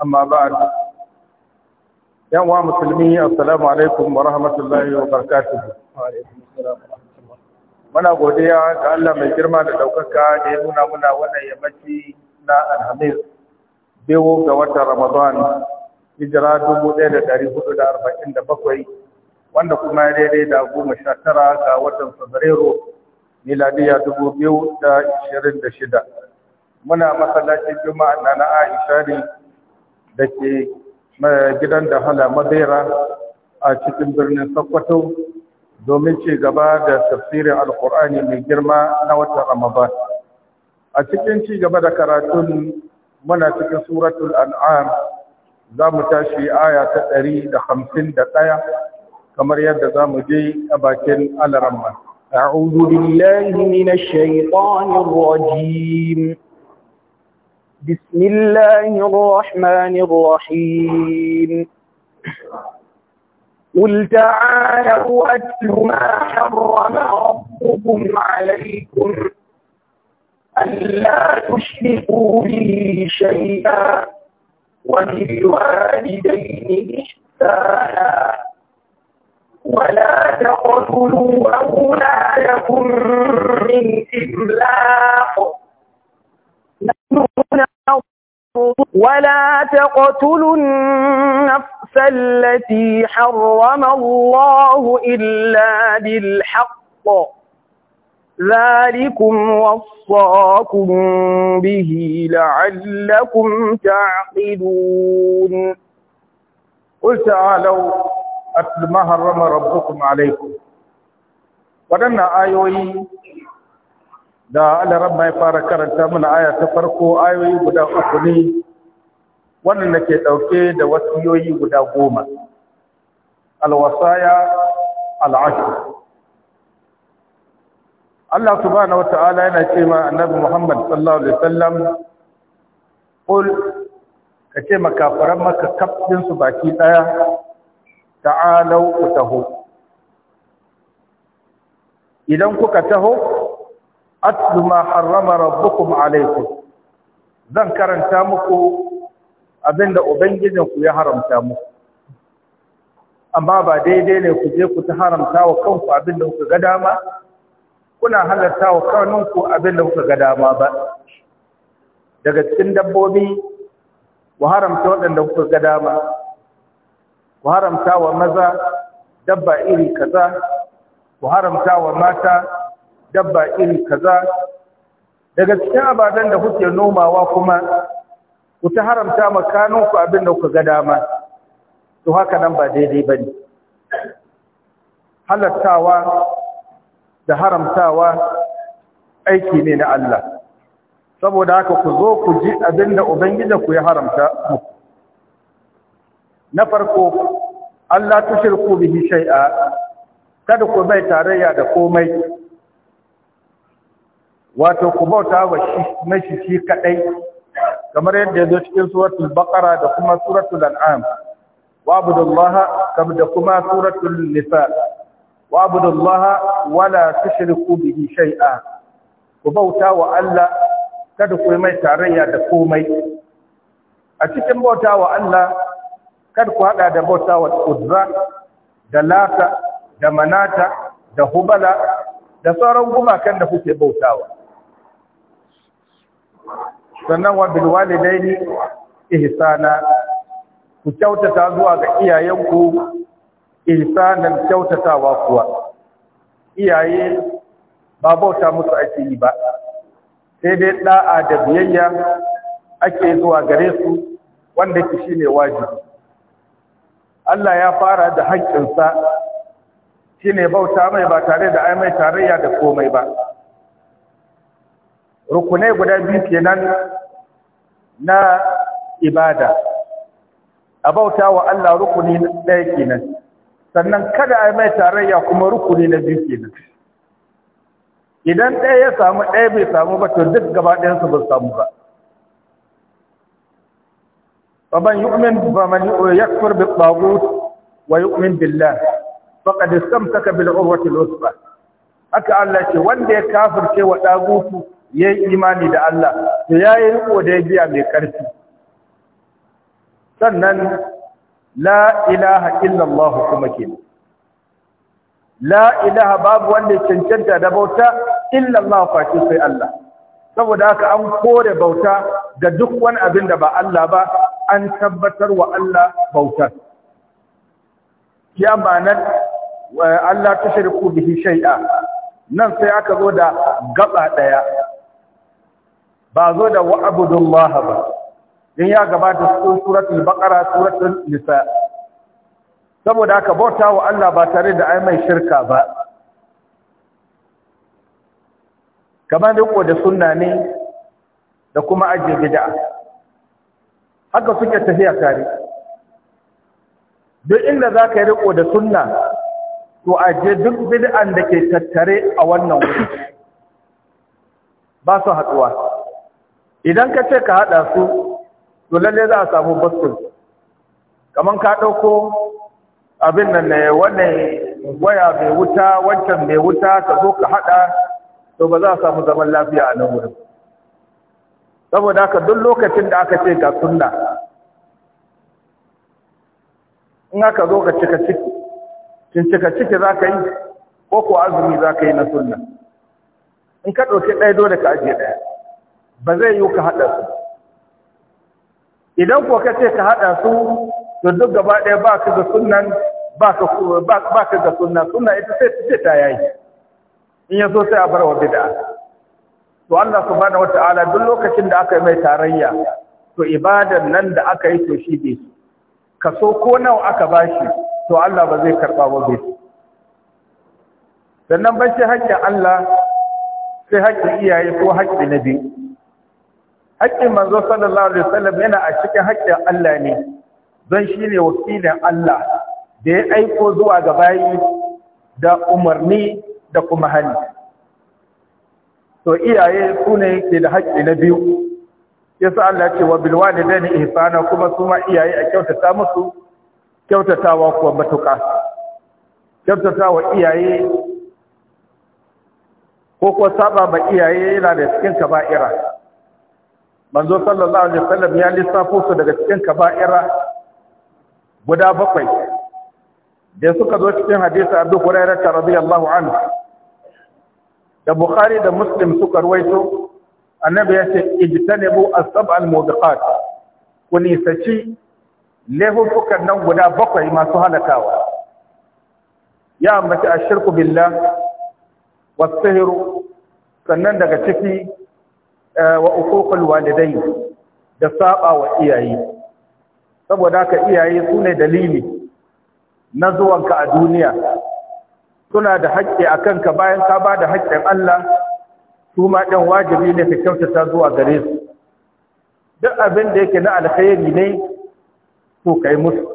amma ba'd yan wa musulmi assalamu alaikum wa rahmatullahi wa barakatuh muna godiya ga Allah mai girma da daukaka da ya nuna muna wannan yammaci na alhamis biyu ga watan ramadan hijira dubu ɗaya da ɗari hudu da arba'in da bakwai wanda kuma ya daidai da goma sha tara ga watan fabrairu miladiya dubu biyu da ishirin da shida muna masallacin juma'a na na aisha da ke gidan da hala madaira a cikin birnin sokoto domin ci gaba da tafsirin alkur'ani mai girma na wata ramadan a cikin ci gaba da karatun muna cikin suratul an'am za mu tashi aya ta ɗari da hamsin da ɗaya kamar yadda za mu je a bakin alaramma أعوذ بالله من الشيطان الرجيم بسم الله الرحمن الرحيم قل تعالوا أتل ما حرم ربكم عليكم ألا تشركوا به شيئا وبالوالدين إحسانا ولا تقتلوا أولادكم من إملاق ولا تقتلوا النفس التي حرم الله إلا بالحق ذلكم وصاكم به لعلكم تعقلون قل تعالوا أتل ما حرم ربكم عليكم ودنا آيوي da alaran mai fara karanta mana aya ta farko ayoyi guda uku ne da ke ɗauke da wasiyoyi guda goma alwasaya al'ashu. Allah subhanahu wata'ala yana ce ma annabi Muhammad sallallahu alaihi wasallam kul ka ce makafaran maka kafin su baki daya ta'alau ku taho idan kuka taho atlu ma harrama rabbukum alaykum zan karanta muku abinda ku ya haramta muku amma ba daidai ne ku je ku ta haramta wa kanku abinda kuka ga dama kuna halarta wa kanunku abinda kuka ga dama ba daga cikin dabbobi ku haramta waɗanda kuka ga dama ku haramta wa maza dabba iri kaza ku haramta wa mata dabba iri kaza daga cikin abadan da kuke nomawa kuma ku ta haramta makaninku abin da ku ga dama to haka nan ba daidai ba ne halattawa da haramtawa aiki ne na Allah saboda haka ku zo ku ji abin da ubangiji ku ya haramta muku na farko Allah tushirku bihi shay'a kada ku bai tarayya da komai wato ku bauta wa shi mashi shi kadai kamar yadda yazo cikin suratul baqara da kuma suratul an'am wa'budullaha kam da kuma suratul nisa wa'budullaha wala tushriku bihi shay'a ku bauta wa Allah kada ku mai tarayya da komai a cikin bauta wa Allah kada ku hada da bauta wa Uzza da Lata da Manata da Hubala da sauran gumakan da kuke bautawa sannan wa bil walidaini ihsana ku kyautata zuwa ga iyayenku ihsanan kyautatawa kuwa iyaye ba bauta musu ake yi ba sai dai da'a da biyayya ake zuwa gare su wanda ki shine wajibi Allah ya fara da haƙƙinsa shine bauta mai ba tare da ai mai tarayya da komai ba rukunai guda biyu kenan na ibada a bauta wa Allah rukuni ɗaya kenan sannan kada a mai tarayya kuma rukuni na biyu kenan idan ɗaya ya samu ɗaya bai samu ba to duk gaba ɗayansu ba samu ba faman yu'min man yakfur bi tagut wa yu'min billah faqad istamsaka bil urwati al-wuthqa haka Allah ce wanda ya kafirce wa tagutu ya imani da Allah to ya yi riko da mai ƙarfi sannan la ilaha illallah kuma ke la ilaha babu wanda cancanta da bauta illallah face sai Allah saboda haka an kore bauta ga duk wani abin da ba Allah ba an tabbatar wa Allah bautar ya ma'anar Allah ta shirku bihi shay'a nan sai aka zo da gaba daya ba zo da wa'budullah ba dan ya gabata cikin suratul baqara suratul nisa saboda aka bauta wa Allah ba tare da ai mai shirka ba kamar riko da sunna ne da kuma ajiye gida, haka suke tafiya tare duk inda za ka yi riko da sunna to ajiye duk bid'an da ke tattare a wannan wuri ba su haɗuwa idan ka ce ka haɗa su to lalle za a samu bastul kamar ka ɗauko abin nan ne wannan waya mai wuta wancan mai wuta ka zo ka haɗa to ba za a samu zaman lafiya a nan wurin saboda haka duk lokacin da aka ce ga sunna in aka zo ka cika ciki cika ciki za ka yi ko ko azumi za ka yi na sunna in ka ɗauki ɗaya dole ka ajiye ɗaya ba zai yi ka haɗa su idan ko ce ka haɗa su to duk gaba ɗaya ba ka ga sunan ba ka ga sunna sunna ita sai ta ce ta yayi in ya so sai a bar wa da. to Allah subhanahu wataala duk lokacin da aka yi mai tarayya to ibadan nan da aka yi to shi bai kaso ko nawa aka bashi to Allah ba zai karba ba bai sannan ban shi haƙƙin Allah sai haƙƙin iyaye ko haƙƙi na biyu haƙƙin manzo sallallahu alaihi wasallam yana a cikin haƙƙin Allah ne don shi ne wakilin Allah da ya aiko zuwa ga bayi da umarni da kuma hani to iyaye su ne ke da haƙƙi na biyu yasa Allah ce wa bil walidaini ihsana kuma su ma iyaye a kyautata musu kyautatawa kuwa matuƙa kyautatawa iyaye ko ko saba ba iyaye yana da cikin kaba'ira manzo sallallahu alaihi wasallam ya lissafo su daga cikin kaba'ira guda bakwai da suka zo cikin hadisi Abu Hurairah radiyallahu anhu da Bukhari da Muslim suka ruwaito annabi ya ce ijtanibu as-sab'a al-mubiqat ku nisaci laifukan nan guda bakwai masu halakawa ya ambaci ashirku billah wasu sannan daga ciki Eh, wa uququl walidai da saba wa iyaye saboda ka iyaye su ne dalili na zuwanka a duniya suna da haƙƙi a kanka bayan ka ba da haƙƙin Allah su ma ɗan wajibi ne ka kyautata zuwa gare su duk abin da yake na alkhairi ne to kai musu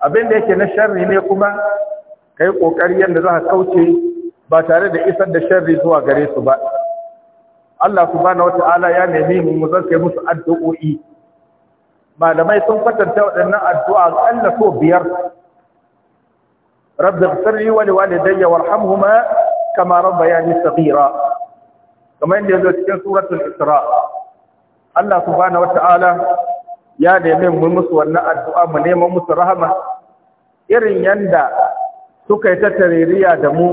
abin da yake na sharri ne kuma kai kokari yanda za ka kauce ba tare da isar da sharri zuwa gare su ba Allah subhanahu wata'ala ya nemi mu mu kai musu addu'o'i malamai sun kwatanta waɗannan addu'a Allah so biyar rabbi ighfirli wa li walidayya warhamhuma kama rabbayani saghira kamar yadda yazo cikin suratul isra Allah subhanahu wata'ala ya nemi mu musu wannan addu'a mu neman musu rahama irin yanda suka yi ta da mu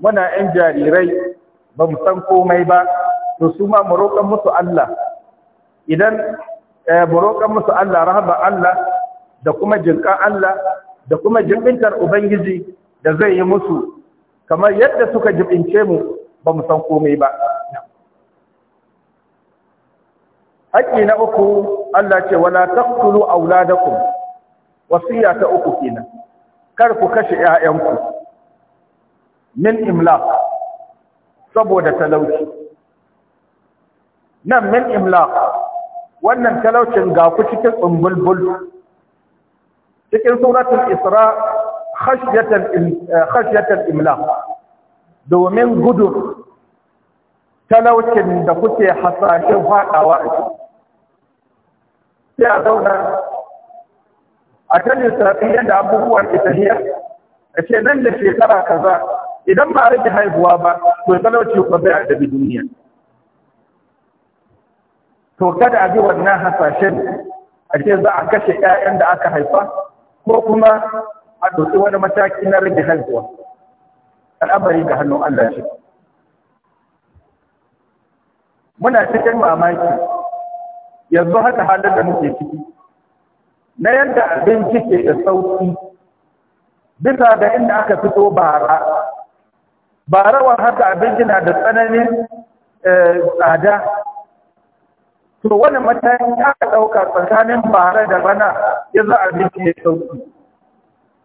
muna ‘yan jarirai ba mu san komai ba to su ma mu musu Allah idan eh, mu musu Allah rahaba Allah da kuma jinka Allah da kuma jibintar ubangiji da zai yi musu kamar yadda suka jibince mu ba mu san komai ba haƙƙi na uku Allah ce wala taqtulu auladakum wasiya ta uku kenan kar ku kashe ƴaƴanku min imlaq saboda talauci nan min imlaq wannan talaucin ga ku cikin tsumbulbul cikin suratul isra khashyatan eh, imlaq domin gudun talaucin da kuke hasashen faɗawa a sai a zauna a ta lissafi yadda abubuwan italiya a ce nan da shekara kaza idan ba a rage haihuwa ba to talauci ko bai a duniya to kada a bi wannan hasashen a ce za a kashe 'ya'yan da aka haifa ko kuma a doki wani mataki na rage haihuwa al'amari ga hannun Allah shi muna cikin mamaki yanzu haka halin da muke ciki na yadda abinci ke da sauki bisa da inda aka fito bara barawar haka abinci na da tsananin eh, tsada to wani ya ka ɗauka tsakanin bara da bana ya za a binci ya sauki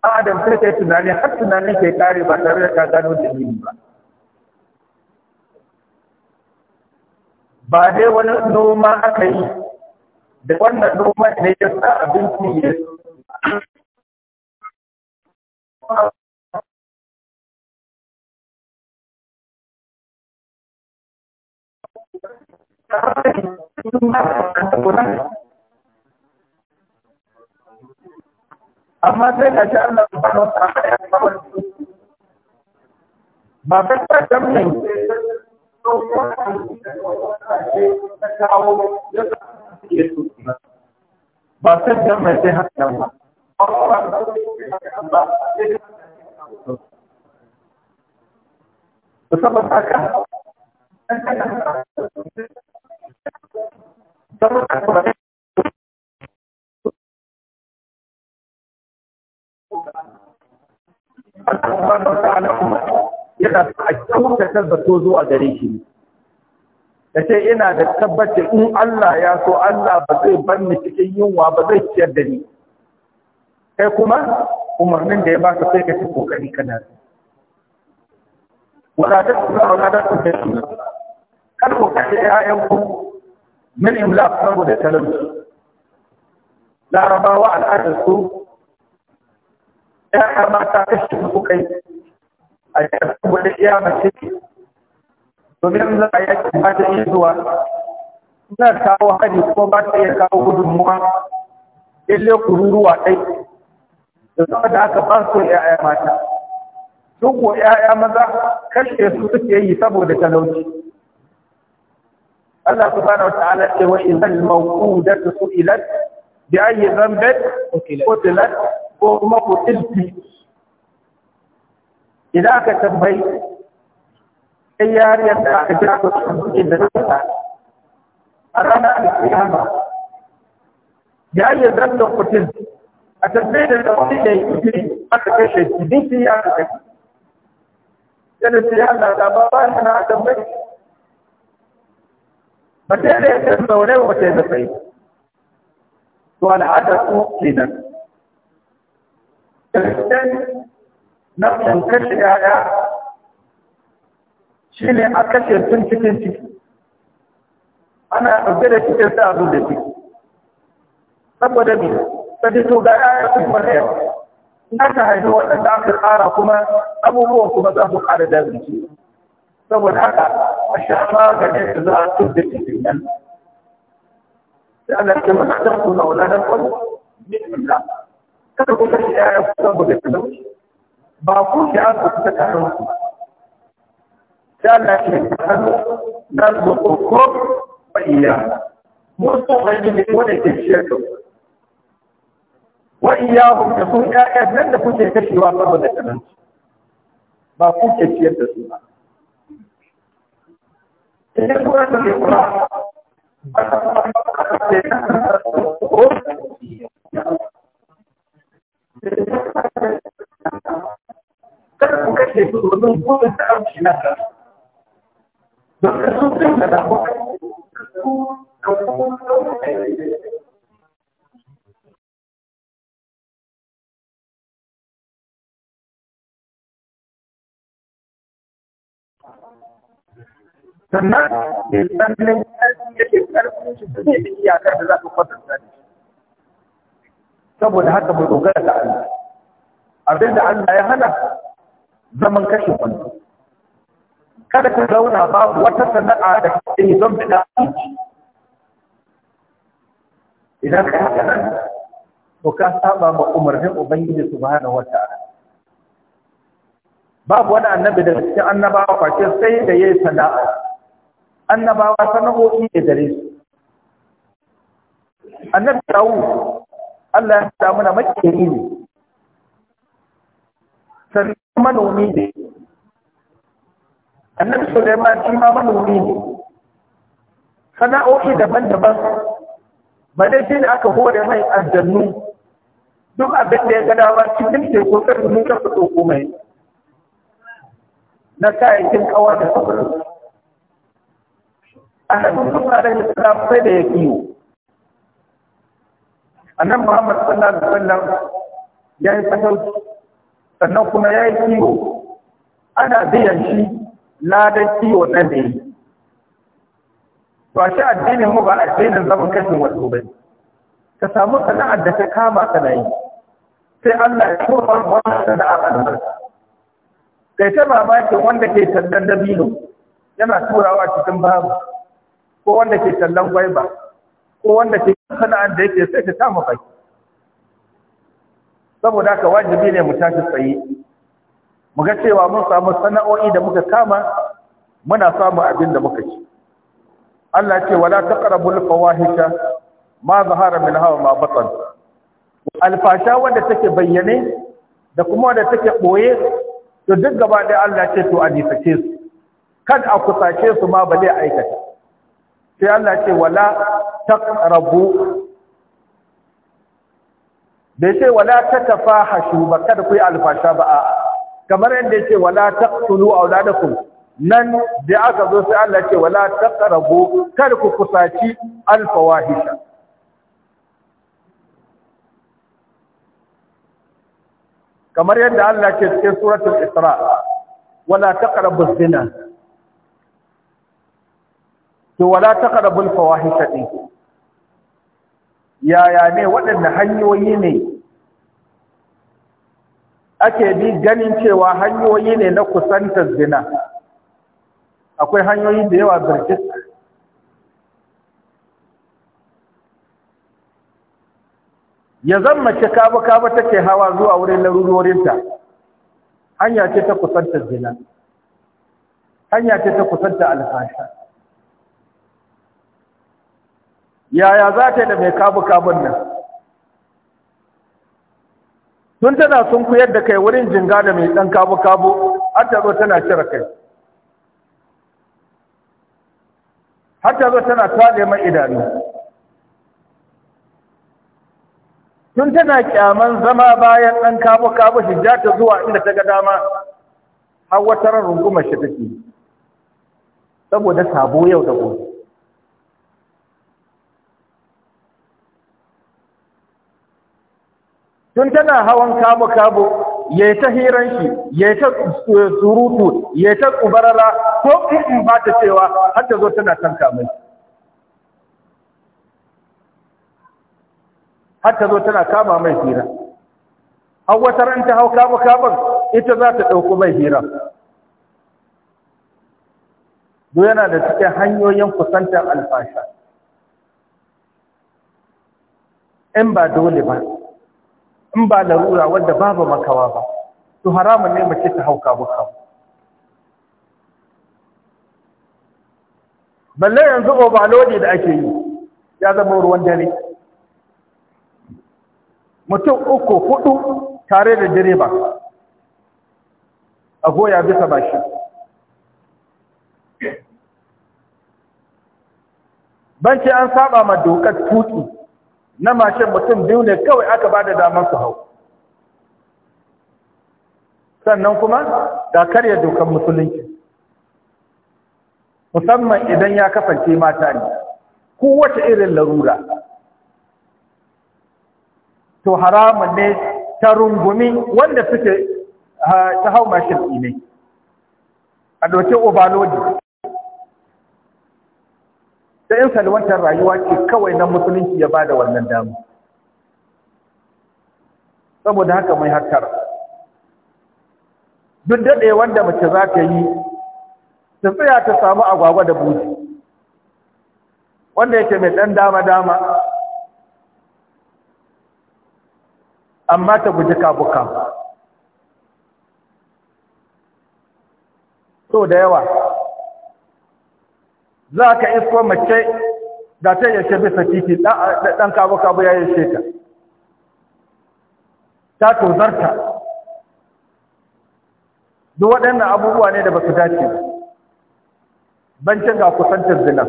a adam sai kai tunani har tunanin ke kare ba tare da ka gano yi ba ba dai wani noma aka yi da wannan noma ne ya sa abinci ya amma sai ga shi Allah subhanahu wa ta'ala ya kawar ba ba ta gamin ba ta gamin sai haka ba to saboda haka yana zato gare shi da ce ina da tabbacin in Allah ya so Allah ba zai ban ni cikin yunwa ba zai ciyar da ni kai kuma umarnin da ya ba ka sai ka ci kokari kana wadatar su wadatar su da suna. kar kokari kashe 'ya'yanku min imlaq saboda talauci larabawa al'adar su ‘ya'ya mata kashi su kai a ƙarfin wani iya mace domin za a yakin ba ta iya zuwa suna kawo hari kuma ba ta iya kawo gudunmuwa ille kururuwa ɗai da zama da aka ba su mata duk wa ‘ya'ya maza kashe su suke yi saboda talauci Allah subhanahu wa ta'ala ce wa idan mawqudatu su'ilat bi ayyi dhanbin qutilat ko kuma qutilti idan aka tambayi sai yariyar da aka jira ko da ta a ranar alkiyama bi ayyi dhanbin qutilti a tambayi da wani da yake aka kashe shi dinki ya aka kashe yana ce Allah ta ba ba na tambayi فتالي يتبقى ولو وتبقين سؤال عدد مؤمنة تبقين نقل كشي على شيني عكشي تنسي تنسي أنا أبدلت كتابة أبدلتي أبو دبي فدسو دعاية تنسي نتا هيدو أن تعطي خارة كما أبو هو كما تعطي خارة دابنتي saboda haka a shafa ga ne za a tuka cikin nan da ana ce mana ta kuna wala da kwallo bismillah kada ku kashi ya ku saboda talauci ba ku shi an ku ta karon ku da ana ce kano na zuwa ko bayyana musu hanyar ne wanda ke shirka wa iyyakum da kun ƴaƴan nan da kuke kashewa saboda talauci ba kuke ke ciyar da su ba Don que son temas de sannan mai tsananin ƙarfi yake ƙarfin shi duk da da za ka kwatanta da shi saboda haka mu dogara da Allah abin da Allah ya hana zaman kashe kwanta kada ka zauna babu wata sana'a da kake yi don bida aiki idan ka haka nan to ka saba ma umarnin ubangiji subhanahu wata'ala babu wani annabi da cikin annabawa kwace sai da yayi sana'a annabawa sana'o'i da dare. su annabi dawu Allah ya sa mana makeri ne sannan manomi ne annabi Sulaiman shi ma manomi ne sana'o'i daban-daban ba dai shi ne aka hore mai aljannu duk abin da ya ga dama cikin teku kan mun kafa fito mai. na kayayyakin kawar da sauransu annabi sallallahu alaihi wasallam sai da ya kiyo annabi Muhammad sallallahu alaihi wasallam ya yi kasauci sannan kuma ya yi kiyo ana biyan shi ladan kiyo na da yi ba shi addinin mu ba addinin zaman kashin wasu ba ka samu sana'ar da ta kama ka na yi sai Allah ya koma wannan sana'ar albarka kai ta mamakin wanda ke sandan dabino yana turawa cikin babu ko wanda ke tallan gwaiba ko wanda ke sana'ar da yake sai ta samu baki saboda haka wajibi ne mu tashi tsaye mu ga cewa mun samu sana'o'i da muka kama muna samu abin da muka ci Allah ce wala taqrabul fawahisha ma zahara min hawa ma batan alfasha wanda take bayyane da kuma wanda take boye to duk gaba da Allah ce to a su kad a kusace su ma bale aikata sai Allah ce wala taqrabu bai ce wala tatafahashu ba kada ku yi alfasha ba a'a kamar yadda yake wala taqtulu auladakum nan da aka zo sai Allah ce wala taqrabu kada ku kusaci alfawahisha kamar yadda Allah ke cikin suratul Isra wala taqrabu zina to wala taqrabul fawahisha din yaya ne waɗanne hanyoyi ne ake bi ganin cewa hanyoyi ne na kusantar zina akwai hanyoyi da yawa birkis ya zammace kaba-kaba take hawa zuwa wurin larurorinta hanya ce ta kusantar zina hanya ce ta kusantar alfashar yaya za ta yi da mai kabu-kabun nan tun tana sun kuyar da kai wurin jinga da mai ɗan kabu-kabu har ta zo tana cire kai har ta zo tana tsaɗe mai idanu tun tana kyaman zama bayan ɗan kabu-kabu ja ta zuwa inda ta ga dama har wataran rungumar shi take saboda sabo yau da gobe tun tana hawan kabo kabo ya ta hiran shi ya ta eh, surutu ya ta ƙubarara ko in ba ta cewa har ta zo tana tanka mai har ta zo tana kama mai hira har wata ran ta hau kabo kabon ita za ta ɗauko mai hira duk yana da cikin hanyoyin kusantar alfasha in ba dole ba in ba larura wanda babu makawa ba to haramun ne mace ta hauka muka balle yanzu lodi da ake yi ya zama ruwan dare mutum uku hudu tare da direba a goya bisa bashi ce an saba ma dokar tuki na mashin mutum biyu ne kawai aka ba da damar su hau sannan kuma ga karya dokar musulunci musamman idan ya kasance mata ne kowace irin larura to haramun ne ta rungumi wanda suke ta hau mashin ne a dauke obalodi da in salwantar rayuwa ce kawai na musulunci ya ba da wannan damu saboda haka mai hakkar duk daɗe wanda mace za ta yi ta tsaya ta samu agwagwa da buji wanda yake mai ɗan dama-dama amma ta guji kabuka so da yawa za ka isko mace da ta yashe bisa titi ɗan kabo-kabo ya yashe ta ta tozarta duk waɗannan abubuwa ne da ba su dace bancin ga kusantar zina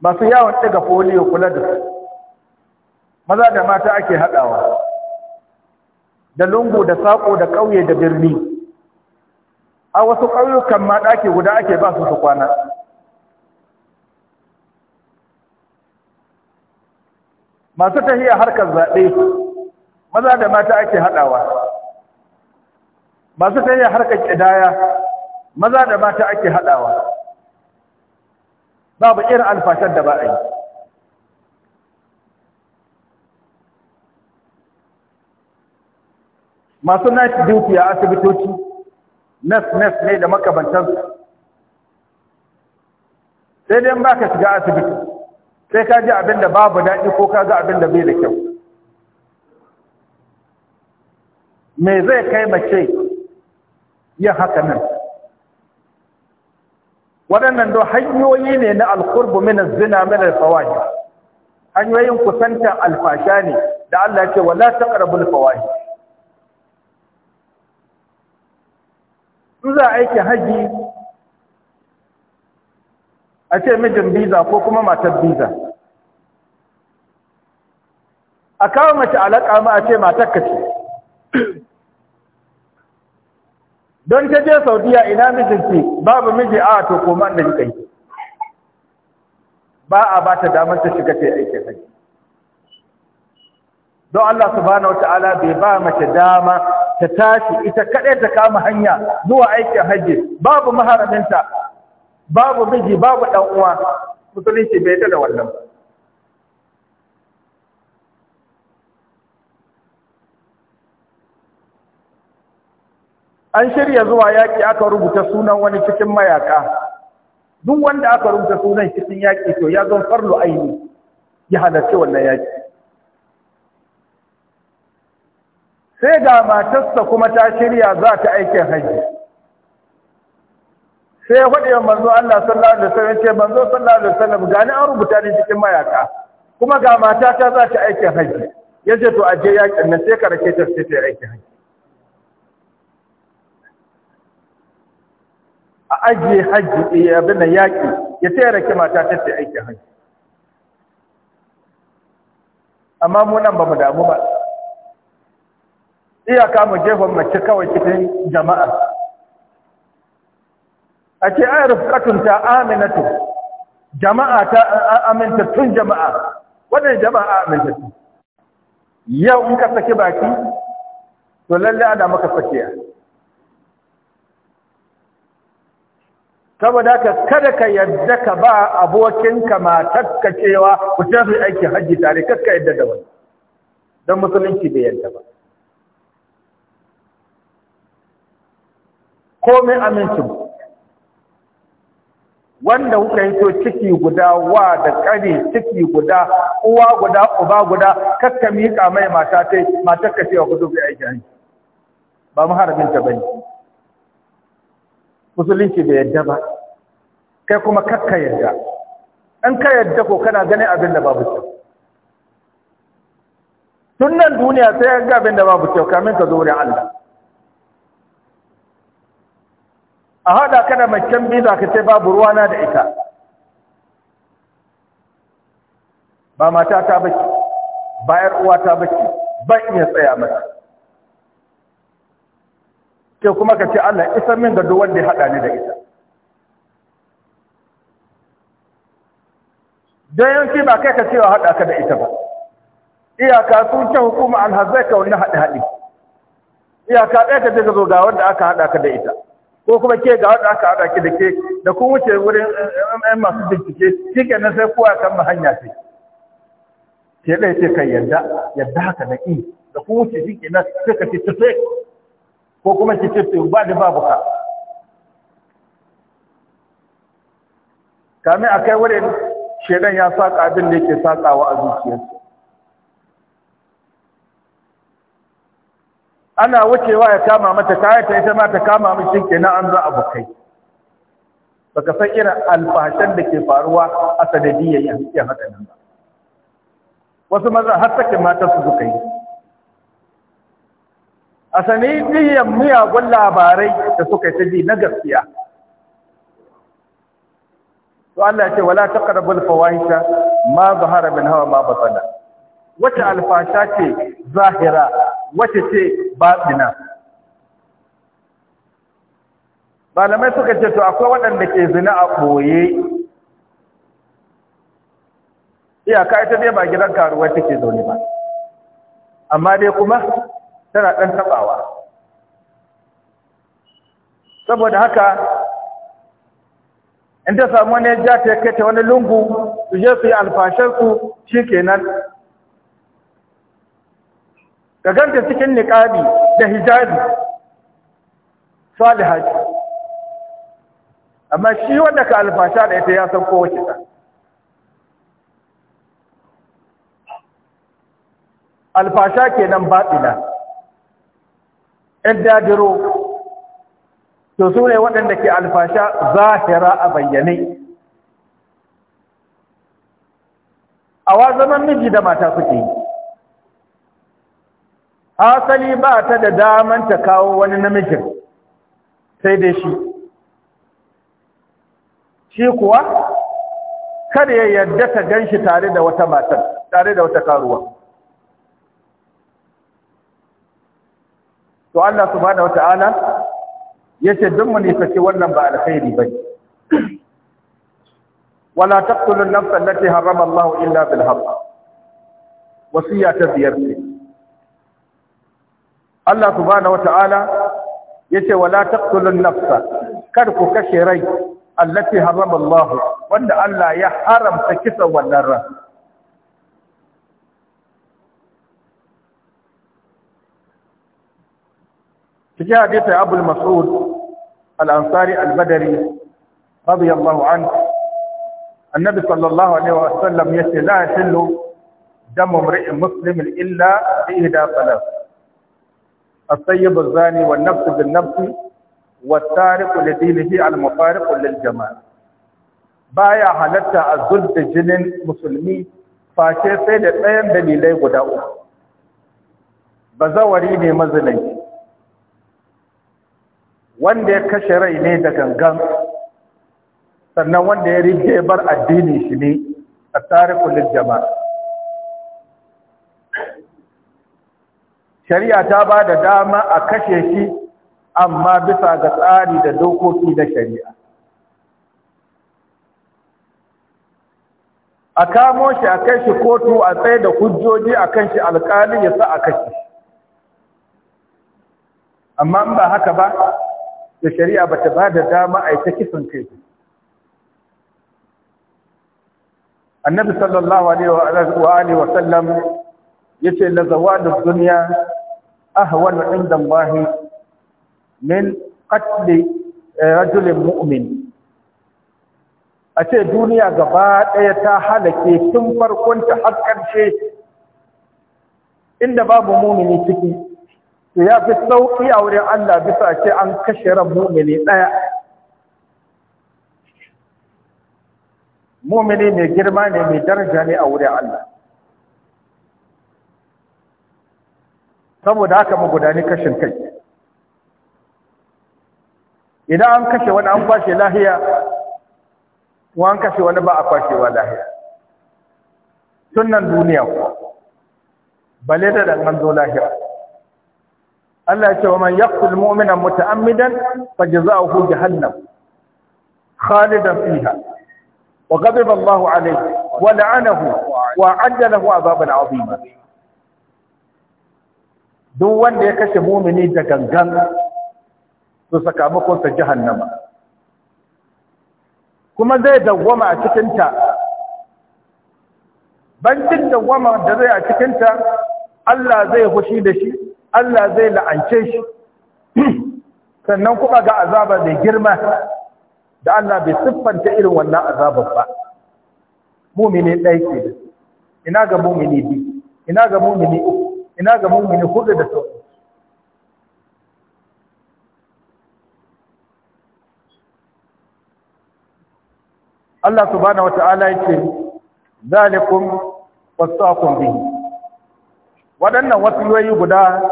masu yawon ɗiga foliyo kula da su maza da mata ake haɗawa da lungu da saƙo da ƙauye da birni a wasu ƙauyukan ma ɗaki guda ake ba su su kwana masu tahiya harkar zaɓe maza da mata ake haɗawa masu tahiya harkar ƙidaya maza da mata ake haɗawa babu irin alfashar da ba a yi masu nashi dukiya asibitoci nas nas ne da makabantansu sai dai ba ka shiga asibiti sai ka ji abinda babu daɗi ko ka ga abinda bai da kyau me zai kai mace yin haka nan waɗannan don hanyoyi ne na alkurbu minas zina minar fawahi hanyoyin kusantar alfasha ne da Allah ce wala taqrabul fawahi in za a aikin haji a ce mijin biza ko kuma matar biza a kawo mace alaƙa ma a ce matar ka ce don ta je saudiya ina mijinki babu miji a to koma da jikai ba a ba ta damar ta shiga ta aiki haji don Allah subhanahu wa ta'ala bai ba mace dama ta tashi ita kaɗai ta kama hanya zuwa aikin hajji babu maharaminta babu miji babu dan uwa musulunci bai da wannan an shirya zuwa yaƙi aka rubuta sunan wani cikin mayaka duk wanda aka rubuta sunan cikin yaki to ya zo farlo aini ya halarci wannan yaki sai ga matarsa kuma ta shirya za ta aikin hajji sai ya faɗi yawan manzo Allah sallallahu alaihi wasallam ce manzo sallallahu alaihi wasallam ga ni an rubuta ni cikin mayaka kuma ga mata ta za ta aikin hajji ce to aje ya nan sai ka rake ta sai ta aikin hajji a aje hajji ya eh, abin nan yaki ya sai rake mata ta sai aikin hajji amma mu nan ba mu damu ba iyaka mu jefan mace kawai cikin jama'a a ce ai rufkatun ta aminatu jama'a ta aminta tun jama'a wannan jama'a aminta tun yau in ka saki baki to lalle ana maka sakiya saboda ka kada ka yadda ka ba abokinka matakka cewa ku tafi aiki hajji tare kakka yadda da wani don musulunci bai yadda ba komai amincin wanda kuka yi to ciki guda wa da kare ciki guda uwa guda uba guda kakka mika mai mata tai matar ka cewa gudu bai aiki aiki ba muharabin ta bane musulunci bai yadda ba kai kuma kakka yadda an ka yadda ko kana ganin abin da babu kyau tun nan duniya sai ga abin da babu kyau kamin ka zo wurin Allah a haɗa ka da macen biza ka ce babu ruwana da ita ba mata ta baki ba yar uwa ta baki ban iya tsaya mata ke kuma ka ce Allah isa min ga duk wanda ya haɗa ni da ita don yanki ba kai ka cewa haɗa ka da ita ba iyaka sun ce hukuma alhazai ka wani haɗe-haɗe iyaka ɗaya ka ce ka zo ga wanda aka haɗa ka da ita ko kuma ke ga wadda aka haɗa ki da ke da kun wuce wurin ɗan masu bincike shi kenan sai kowa kan mu hanya ce ke ɗaya ce kan yadda yadda haka na ƙi da kun wuce shi kenan sai ka ce tufe ko kuma ki ce ba da babu ka kamin a kai wurin shaidan ya saƙa abin da yake saƙawa a zuciyarsa ana wucewa ya kama mata kayata ita ma ta kama mishi kenan an za abokai baka san irin alfashan da ke faruwa a ya yankin haka nan ba wasu maza har sakin mata su suka yi a sanadiyyar miyagun labarai da suka yi ta ji na gaskiya to Allah ce wala taqrabul fawahisha ma zahara min hawa ma batana wata alfasha ce zahira wata ce batina malamai suka ce to akwai waɗanda ke zina a ɓoye iyaka ita dai ba gidan karuwa take zaune ba amma dai kuma tana ɗan taɓawa saboda haka in ta samu wani ja ta kai ta wani lungu su je su yi su shi kenan ka ganta cikin niƙabi da hijabi salihati amma shi wanda ka alfasha da ita ya san kowace ta alfasha ke nan baɗina ‘yan dadiro to su ne waɗanda ke alfasha zahira a bayyane a wa zaman miji da mata suke yi asali ba ta da daman ta kawo wani namijin sai dai shi shi kuwa kada ya yarda ta ganshi tare da wata matar tare da wata karuwa to Allah subhanahu wataala yace duk mun yi wannan ba alkhairi bane wala taqtulun nafsa allati harrama Allah illa bil haqq wasiya ta biyar Allah subhanahu wata'ala yace wala taqtulun nafsa kar ku kashe rai allati harrama Allah wanda Allah ya haramta kisan wannan ran cikin hadisi Abu Mas'ud al-Ansari al-Badri radiyallahu anhu annabi sallallahu alaihi wa sallam yace la yahillu damu imri'in muslimin illa bi ihda salat الطيب الزاني والنفس بالنفس والتارق لدينه المفارق للجمال baya halatta a da jinin musulmi face sai da ɗayan dalilai guda uku bazawari ne mazinai wanda ya kashe rai ne da gangan sannan wanda ya rige bar addini shi ne a tarikul jama'a shari'a ta ba da dama a kashe shi amma bisa ga tsari da dokoki da shari'a a kamo shi a kai shi kotu a tsaye da hujjoji a kan shi alkali ya sa a kashe amma in ba haka ba da shari'a ba ta ba da dama a yi ta kisan kai annabi sallallahu alaihi wa alihi wa sallam yace la zawalud dunya ahwan inda Allah min qatl rajul mu'min a ce duniya gaba ɗaya ta halake tun farkon ta har ƙarshe inda babu mumini ciki to ya fi sauƙi a wurin Allah bisa ce an kashe ran mumini ɗaya mumini mai girma ne mai daraja ne a wurin Allah saboda haka magudani kashin kai idan an kashe wani an kwashe lahiya ko an kashe wani ba a kwashewa lahiya tun nan duniya ko bale da dan zo lahira Allah ya ce wa man yaqtul mu'mina muta'ammidan fajza'uhu jahannam khalidan fiha wa ghadiba Allahu alayhi wa la'anahu wa 'adda lahu 'adaban 'azima duk wanda ya kashe mumini da gangan su to jihan jahannama kuma zai dawwama a cikinta bancin dawwama da zai a cikinta Allah zai hushi da shi Allah zai la'ance shi sannan kuma ga azaba mai girma da Allah bai siffanta irin wannan azabar ba mumini ɗaya ke ina ga mumini biyu ina ga mumini uku ina ga mummuni hudu da sauransu Allah subhanahu wata'ala yake zalikum wasaqum bihi wadannan wasiyoyi guda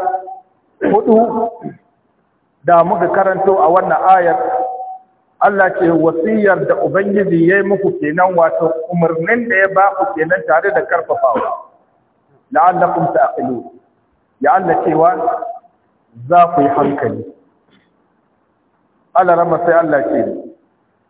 hudu da muka karanto a wannan ayar Allah ce wasiyar da ubangiji yayi muku kenan wato umarnin da ya ba ku kenan tare da karfafawa لعلكم ta'qilun ya Allah cewa za ku yi hankali Allah rama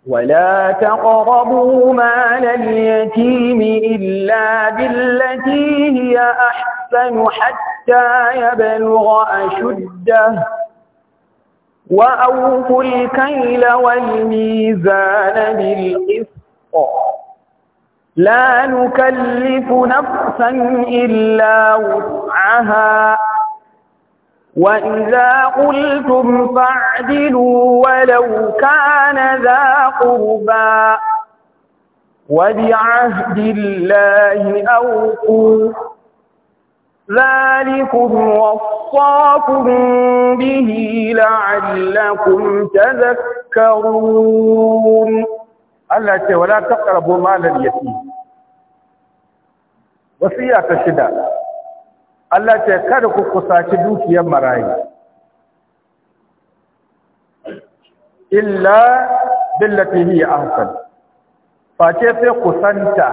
ولا تقربوا مال اليتيم إلا بالتي هي أحسن حتى يبلغ أشده وأوفوا الكيل والميزان بالقسط لا نكلف نفسا إلا وسعها وإذا قلتم فاعدلوا ولو كان ذا قربا وبعهد الله أوفوا ذلكم وصاكم به لعلكم تذكرون Allah ce wala taqrabu malal yatim wasiya ta shida Allah ce kada ku kusaci dukiyar marayi illa billati hi ahsan face sai kusanta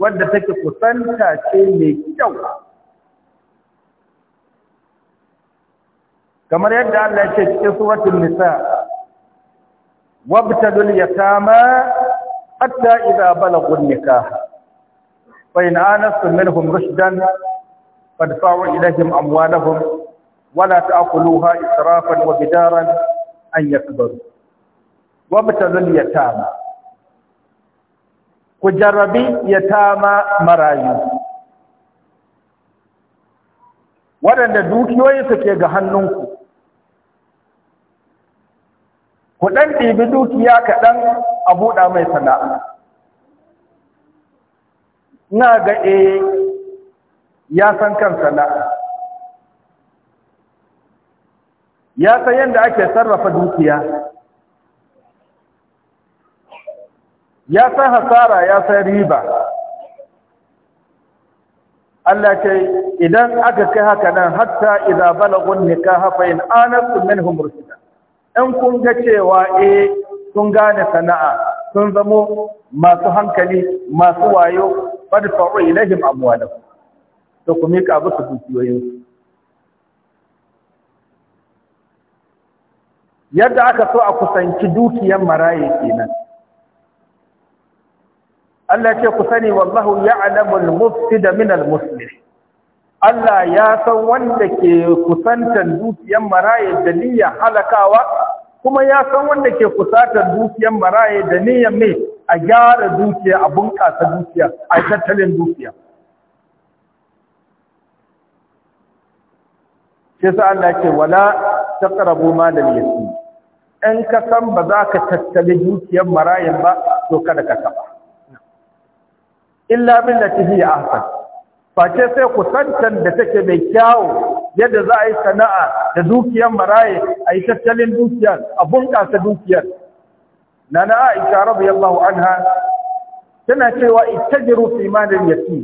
wanda take kusanta ce mai kyau kamar yadda Allah ya ce cikin suratul nisa wabtadul yatama hatta idza balagu nikah fa in anastum minhum rushdan fadfa'u ilayhim amwalahum wala ta'kuluha israfan wa bidaran an yakbaru wabtadul yatama ku jarrabi yatama marayu waɗanda dukiyoyinsu ke ga hannunku ku ɗan ɗibi dukiya kaɗan a buɗa mai sana'a na ga e ya san kan sana'a ya san yadda ake sarrafa dukiya ya san hasara ya san riba Allah ce idan aka kai haka nan hatta idza balagun nikaha fa in anastu minhum rusula in kun ga cewa e eh, sun gane sana'a sun zamo masu hankali masu wayo fadfa'u ilaihim amwalahum to ku mika musu dukiyoyin yadda aka so a kusanci dukiyan maraye kenan Allah ce ku sani wallahu ya'lamu al-mufsida min al-muslih Allah ya san wanda ke kusantar dukiyar maraya da niyyar halakawa kuma ya san wanda ke kusantar dukiyar maraya da niyyar mai a gyara dukiya a bunƙasa dukiya a tattalin dukiya shi sa Allah ke wala ta taqrabu da yatim in ka san ba za ka tattali dukiyar marayin ba to kada ka taba illa billati a ahsan face sai ku kusantan da take mai kyau yadda za a yi sana'a da dukiyar maraye a yi tattalin dukiyar a bunƙasa dukiyar na na aisha radiyallahu anha tana cewa ittajiru fi malin yati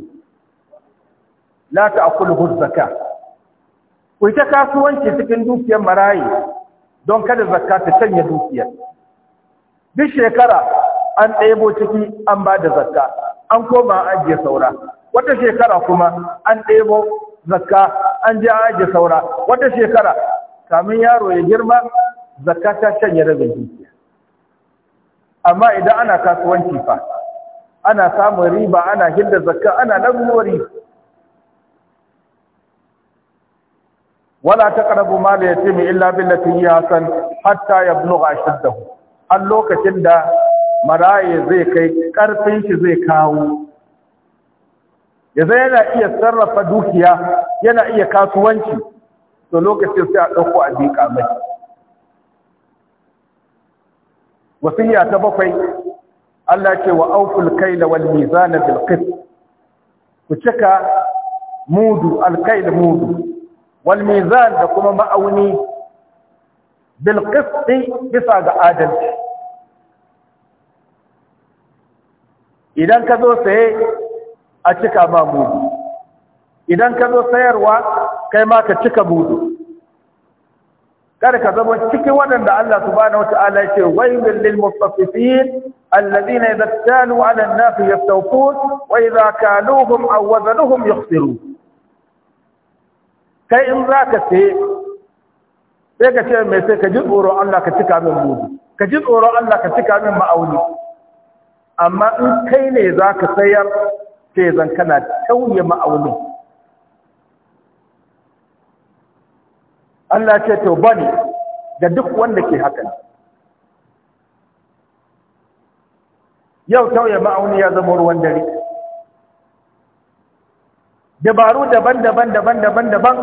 la ta'kulu zakka ku ta kasuwanci cikin dukiyar maraye don kada zakka ta canye dukiyar duk shekara an ɗebo ciki an bada da zakka an koma ajiye saura wata shekara kuma an ɗebo zakka an je ajiye saura wata shekara kamin yaro ya girma zakka ta shanye rabin dukiya amma idan ana kasuwanci fa ana samun riba ana hidda zakka ana nagori wala taqrabu mal yatim illa billati hasan hatta yablugha ashaddahu har lokacin da maraye zai kai karfin shi zai kawo yanzu yana iya sarrafa dukiya yana iya kasuwanci to lokacin sai a ɗauko a miƙa mai wasiya ta bakwai Allah ce wa auful kaila wal mizana bil qist ku cika mudu al kail mudu wal mizan da kuma ma'auni bil qist bisa ga adalci idan ka zo saye a cika ma budu. idan ka zo sayarwa kai ma ka cika budu. kada ka zama cikin waɗanda Allah subhanahu wata'ala ya ce wailul lil mutaffifin alladhina idza kanu 'ala an-nasi yastawfun wa idza kaluhum aw wazanuhum yakhsirun kai in zaka saye sai ka ce me sai ka ji tsoron Allah ka cika min budu. ka ji tsoron Allah ka cika min ma'auni amma in kai ne za ka sayar sai zan kana tauye ma'aunin Allah ce to bani da duk wanda ke hakan yau tauye ma'auni ya zama ruwan dare dabaru daban-daban daban-daban daban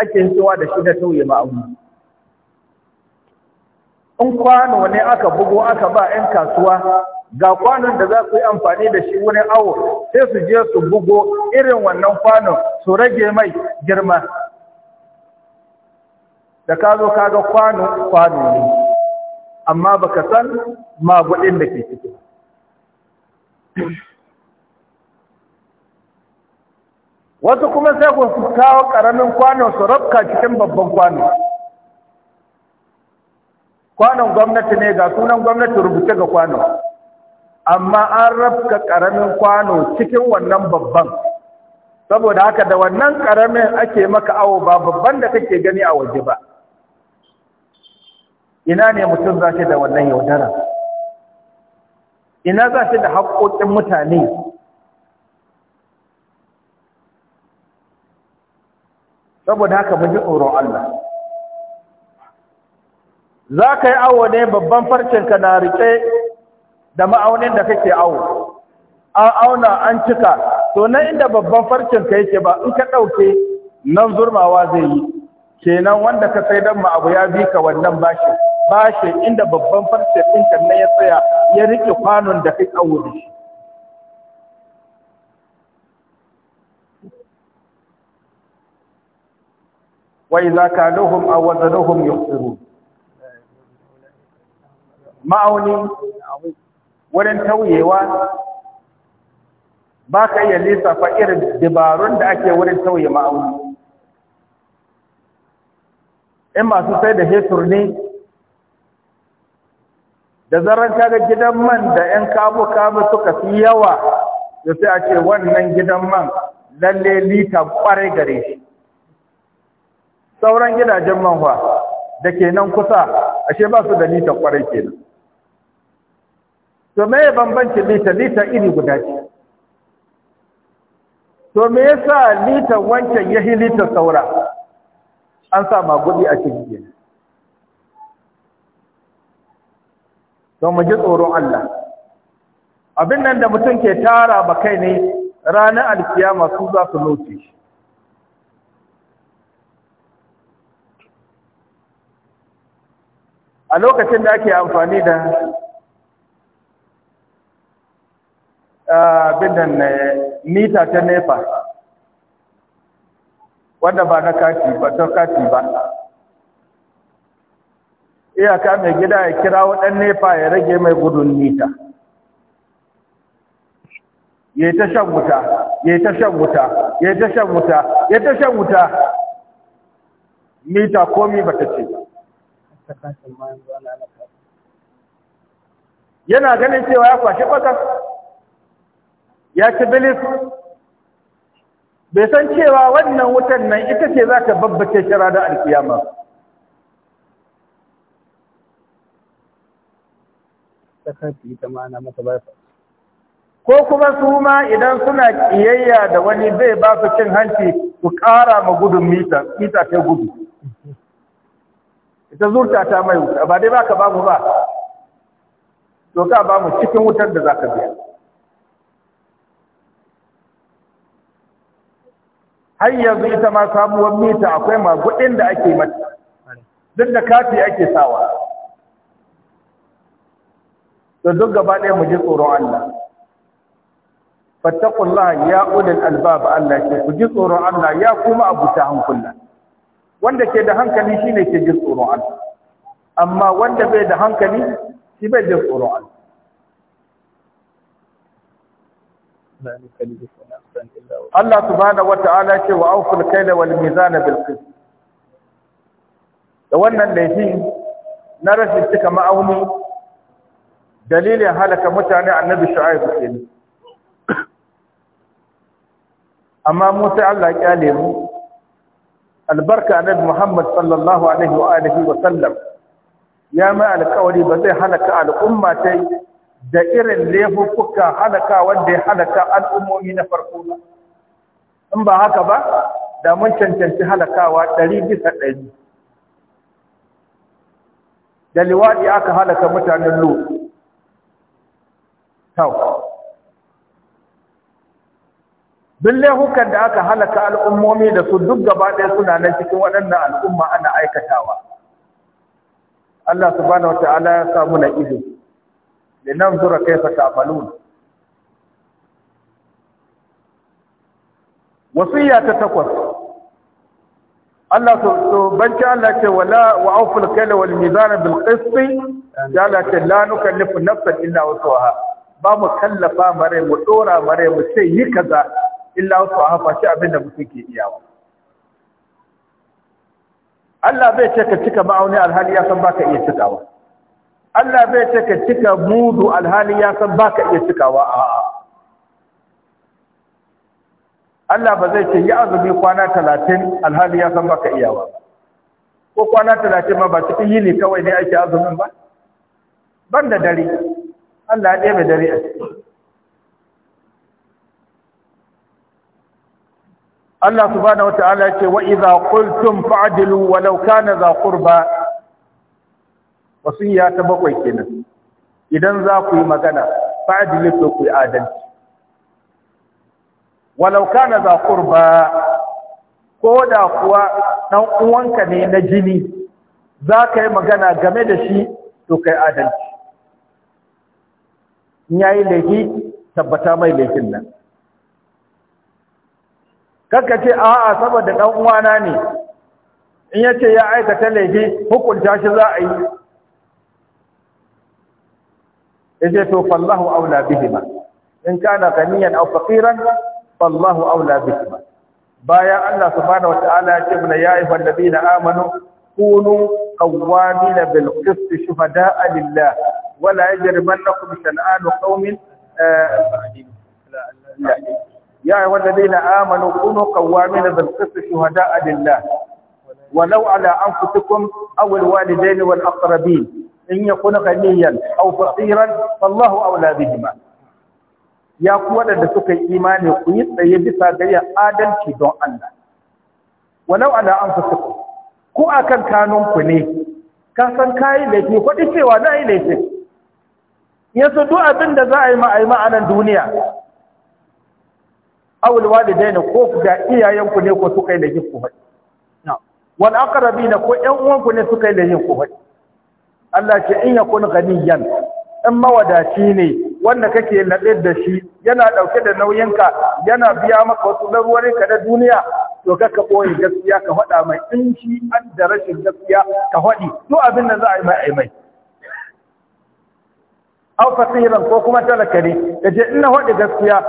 ake hitowa da shi da tauye ma'auni in kwano ne aka bugo aka ba 'yan kasuwa ga kwanon da za su yi amfani da shi wurin awo sai su je su bugo irin wannan kwanon su rage mai girma da ka zo kaga kwano kwano ne amma baka san magudin da ke ciki wasu kuma sai ku kawo ƙaramin kwano su rabka cikin babban kwano kwanon gwamnati ne ga sunan gwamnati rubuce ga kwano amma an rafka ƙaramin kwano cikin wannan babban saboda haka da wannan ƙaramin ake maka awo ba babban da kake gani a waje ba ina ne mutum za shi da wannan yaudara ina za shi da haƙoƙin mutane saboda haka mun ji tsoron Allah za ka yi awo ne babban farcinka na riƙe da ma'aunin da kake awo an auna an cika to na inda babban farcin ka yake ba in ka ɗauke nan zurmawa zai yi kenan wanda ka sai don abu ya bi ka wannan bashi bashi inda babban farcin ɗinka na ya tsaya ya riƙe kwanon da kai awo da shi وإذا كالوهم أو وزنوهم يخسرون ma'auni wurin tauyewa ba ka iya lissafa irin dabarun da ake wurin tauye ma'auni in masu sai da hetur ne da zarar kaga gidan man da 'yan kamu-kamu suka fi yawa da sai a ce wannan gidan man lalle lita ƙwarai gare shi sauran gidajen manwa da ke nan kusa ashe ba su da lita kwarai kenan to me bambanci lita lita iri guda ce to me yasa litan wancan yahi hilita saura an sa magudi a cikin gina to mu ji tsoron Allah abin nan da mutum ke tara ba kai ne ranar alkiyama su za su loce a lokacin da ake amfani da bidan eh, mita ta nefa wanda ba na kati ba ta kati ba iyaka mai gida ya kira waɗan nefa ya rage mai gudun mita ya ta shan wuta ya ta shan wuta ya ta shan wuta ya ta shan wuta mita komi ba ta ce yana ganin cewa ya kwashe kwata ya ci bilif? bai san cewa wannan wutan nan ita ce za ta babbace shi ranar alkiyama ta ma'ana mata ba ko kuma su ma idan suna kiyayya da wani bai ba su cin hanci su ƙara ma gudun mita mita ta gudu ita zurta ta mai wuta ba dai baka babu ba to ka ba mu cikin wutar da zaka biya har yanzu ita ma samuwar mita akwai magudin da ake mata duk da kafi ake sawa to duk gaba ɗaya mu ji tsoron Allah fattaqullaha ya ulul albab Allah ke ku ji tsoron Allah ya kuma abuta hankula wanda ke da hankali shine ke ji tsoron Allah amma wanda bai da hankali shi bai ji tsoron Allah Allah subhanahu wata'ala ce wa auful kaila wal mizana bil qist da wannan laifin na rashin cika ma'auni dalilin halaka mutane annabi shu'aibu kenan amma mu sai Allah ya kyale mu albarka annabi Muhammad sallallahu alaihi wa alihi wa sallam ya ma alƙawari ba zai halaka al'umma ta yi. da irin laifuka halaka wanda ya halaka al'ummomi na farko ba in ba haka ba da mun cancanci halakawa ɗari bisa ɗari da liwaɗi aka halaka mutanen lu tau duk laifukan da aka halaka al'ummomi da su duk gaba ɗaya suna nan cikin waɗannan al'umma ana aikatawa Allah subhanahu wa ta'ala ya samu na ido لننظر كيف تعملون wasiya ta takwas Allah الله banci Allah ce wala wa auful kayla wal mizana bil qist illa ba mu kallafa mare mu dora mare mu ce yi kaza illa wusaha shi abinda mutum ke iyawa Allah bai ce ka cika ma'auni alhali ya san baka iya cikawa Allah bai ce ka cika mudu alhali ya san baka iya cikawa a'a Allah ba zai ce yi azumi kwana talatin alhali ya san baka iyawa ko kwana talatin ma ba cikin yini kawai ne ake azumin ba ban da dare Allah ya ɗebe dare a ciki Allah subhanahu wata'ala ce wa idza qultum fa'dilu walau kana za qurba wasiya ta bakwai kenan idan za ku yi magana fa'adilu to ku yi adalci walau kana za qurba ko da kuwa dan uwanka ne na jini za ka yi magana game da shi to kai adalci in yayi laifi tabbata mai laifin nan kakka ce a a saboda ɗan uwana ne in yace ya aikata laifi hukunta shi za a yi yace to fallahu aula bihima in kana ganiyan aw faqiran fallahu aula bihima bayan Allah subhanahu wataala ya ce mana ya ayyuhal ladina amanu kunu qawwamin bil qist shuhada'a lillah wala yajrimannakum shan'anu qaumin يا أيها الذين آمنوا كونوا قوامين بالقسط شهداء لله ولو على أنفسكم أو الوالدين والأقربين in ya yakuna ghaniyan aw faqiran fallahu aula bihima ya ku waɗanda suka yi imani ku yi tsaye bisa ga yin adalci don Allah walau ala anfusikum ku akan kanun ku ne ka san kai laifi kwaɗi cewa na yi laifin yanzu duk abin da za a yi ma a yi ma'anan duniya awul walidaina ko da iyayenku ne ko suka yi da laifin ku faɗi wal aqrabina ko ƴan uwanku ne suka yi da ku faɗi Allah ce in yakun ghaniyan in mawadaci ne wanda kake naɗe da shi yana dauke da nauyinka yana biya maka wasu ka na duniya to ka ɓoye gaskiya ka fada mai in shi an da rashin gaskiya ka fadi to abin da za a yi mai mai. aw fasiran ko kuma talaka ne kaje in ina fadi gaskiya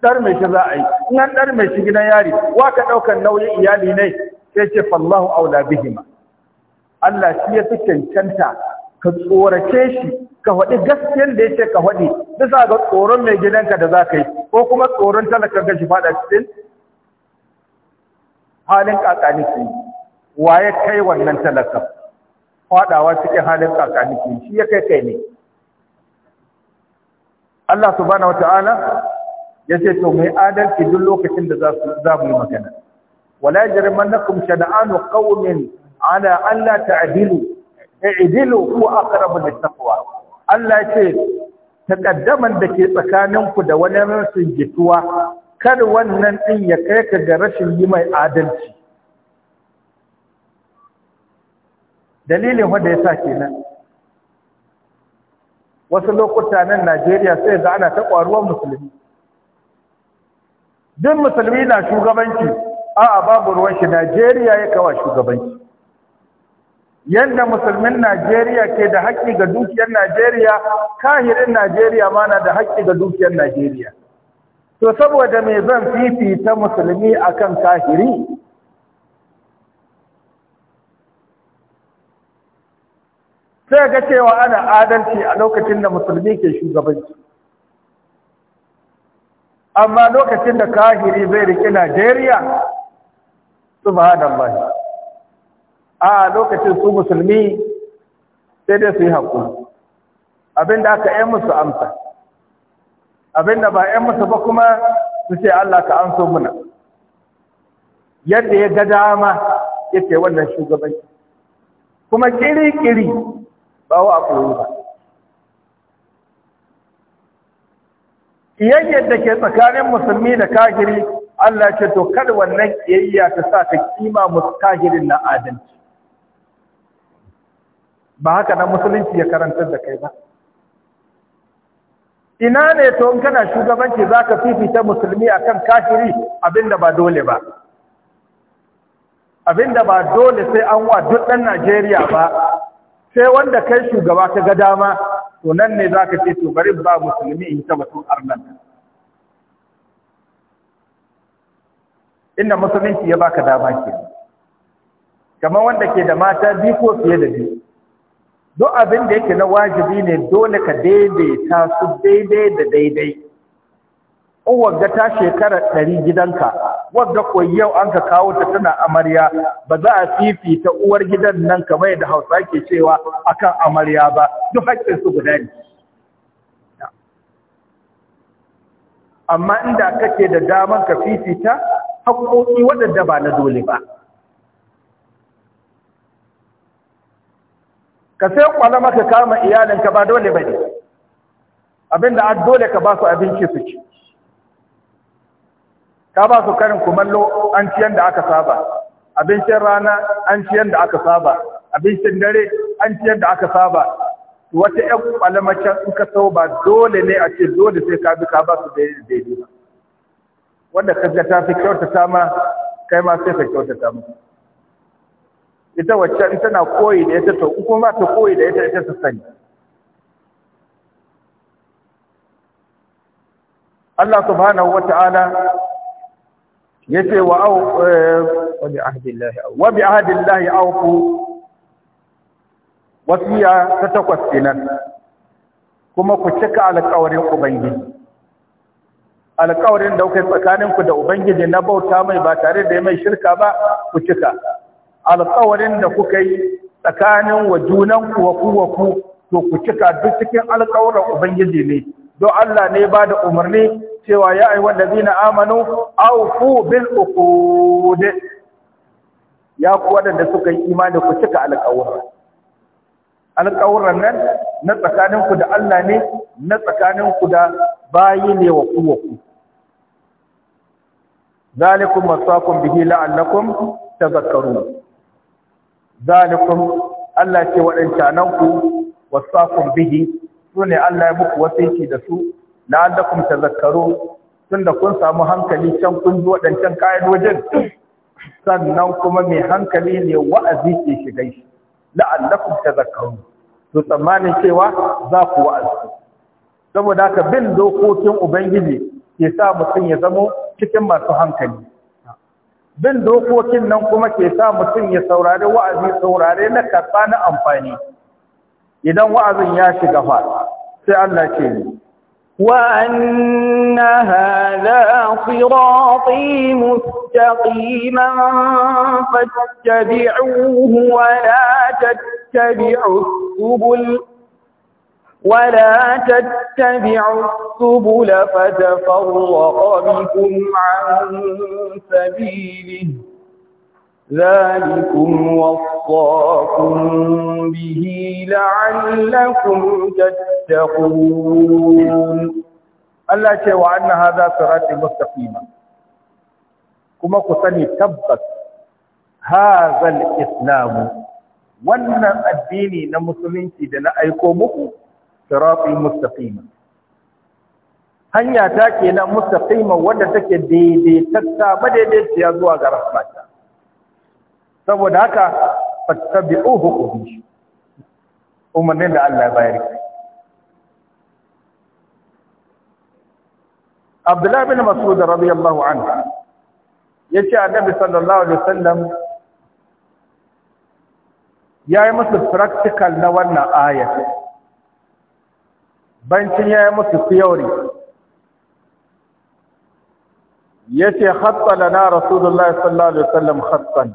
ɗar mai shi za a yi in an ɗar mai shi gidan yari wa ka ɗaukan nauyin iyali ne sai ce fallahu aula bihima Allah shi ya fi cancanta ka tsorace shi ka faɗi gaskiyar da ya ce ka faɗi bisa ga tsoron mai gidanka da za ka yi ko kuma tsoron talakar ka shi faɗa cikin halin wa ya kai wannan talakar faɗawa cikin halin kakaniki shi ya kai kai ne Allah subhanahu wata'ala ya ce to mai adalci duk lokacin da za mu yi magana wala jirmannakum shana'anu qaumin ala Allah ta'dilu i'dilu huwa aqrabu lit Allah ce takaddaman da ke tsakaninku da wani rashin jituwa kar wannan din ya kai ka ga rashin yi mai adalci dalilin wanda ya sa kenan wasu lokuta nan Najeriya sai da ana ta ƙwaruwar musulmi duk musulmi na shugabanci a'a babu ruwan shi Najeriya ya kawa shugabanci Yadda musulmin Najeriya ke da haƙƙi ga dukiyar Najeriya kahirin Najeriya ma na da haƙƙi ga dukiyar Najeriya to saboda mai zan fifita musulmi akan kahiri sai ga cewa ana adalci a lokacin da musulmi ke shugabanci amma lokacin da kahiri zai riƙe Najeriya su ba subhanallah a lokacin su musulmi sai dai su yi haƙuri abinda aka ƴan musu amsa abinda ba ƴan musu ba kuma su ce Allah ka an so muna yadda ya ga dama ya ce wannan shugaban kuma kiri-kiri ba wa ƙuri ba ƙiyayyar da ke tsakanin musulmi da kagiri Allah ce to kada wannan ƙiyayya ta sa ka kima musu kagirin na adalci ba haka na musulunci ya karantar da kai ba ina ne to in kana shugabanci za ka fifita musulmi a kan kafiri abinda ba dole ba abinda ba dole sai an wa duk najeriya ba sai wanda kai shugaba ka ga dama to nan ne za ka ce to bari ba musulmi in ta batun arnan inda musulunci ya baka dama ke kamar wanda ke da mata biyu ko fiye da biyu duk abin da yake na wajibi ne dole ka daidaita su daidai da daidai in shekarar ta shekara ɗari gidanka wadda koyi yau an ka kawo ta tana amarya ba za a fifita uwar gidan nan kamar da hausa ke cewa akan amarya ba duk haƙƙin su guda ne amma inda kake da damar ka fifita haƙƙoƙi waɗanda ba na dole ba ka sai kwana ka kama iyalinka ba dole ba ne abinda a dole ka ba su abinci su ci ka ba su karin kumallo an ci yadda aka saba abincin rana an ci yadda aka saba abincin dare an ci yadda aka saba wata ƴan kwalamacin in ka sau ba dole ne a ce dole sai ka bi ka ba su daidai ba wanda ka ga ta fi kyautata ma kai ma sai ka kyautata ma ita wacce tana koyi da ita to kuma ba ta koyi da ita ita ta sani Allah subhanahu wata'ala yace wa au eh, wa bi ahdillahi au wa bi ahdillahi aufu wasiya ta takwas kenan kuma ku cika alƙawarin ubangiji alƙawarin da kuke tsakaninku da ubangiji na bauta mai ba tare da mai shirka ba ku cika alƙawarin da kuka yi tsakanin wa junan ku wa to ku cika duk cikin alƙawarin ubangiji ne don Allah ne ba da umarni cewa ya ayi zina amanu fu bil uqud ya ku wadanda suka yi imani ku cika alƙawarin alƙawarin nan na tsakanin ku da Allah ne na tsakanin ku da bayi ne wa ku wa ku zalikum wasaqum bihi la'allakum zalikum Allah ce waɗancananku ku wasaqum bihi sune Allah ya muku wasiki da su la'allakum tazakkaru tunda kun samu hankali can kun waɗancan kayan ka'idojin sannan kuma mai hankali ne wa'azi ke shiga shi la'allakum tazakkaru to tsammanin cewa za ku wa'azi saboda haka bin dokokin ubangiji ke sa mutum ya zamo cikin masu hankali bin dokokin nan kuma ke sa mutum ya saurari wa'azi saurare na karɓa na amfani idan wa'azin ya shiga fa sai Allah ce ni وأن هذا صراطي مستقيما فاتبعوه ولا تتبعوا ولا تتبعوا السبل فتفرق بكم عن سبيله ذلكم وصاكم به لعلكم تتقون الله شيء وعن هذا صراط مستقيما كما كسني تبت هذا الإسلام wannan addini na musulunci da na sirati mustaqima hanya ta kenan mustaqima wadda take daidaitatta madaidaiciya zuwa ga rahmata saboda haka fattabi'uhu qubi umarnin da Allah ya bayar Abdullah bin Mas'ud radiyallahu anhu yace annabi sallallahu alaihi wasallam yayi masa practical na wannan ayat bancin ya yi musu theory ya ce hatsa na rasulullah sallallahu alaihi wasallam hatsan